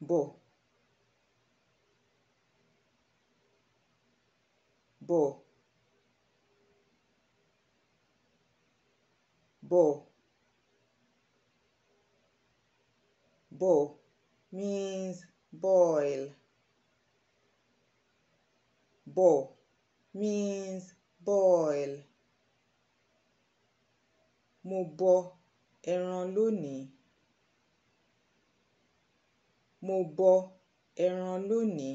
Bo, bo, bo, bo means boil Bo means boil mo bo ẹran lónìí Mo bọ ẹran lónìí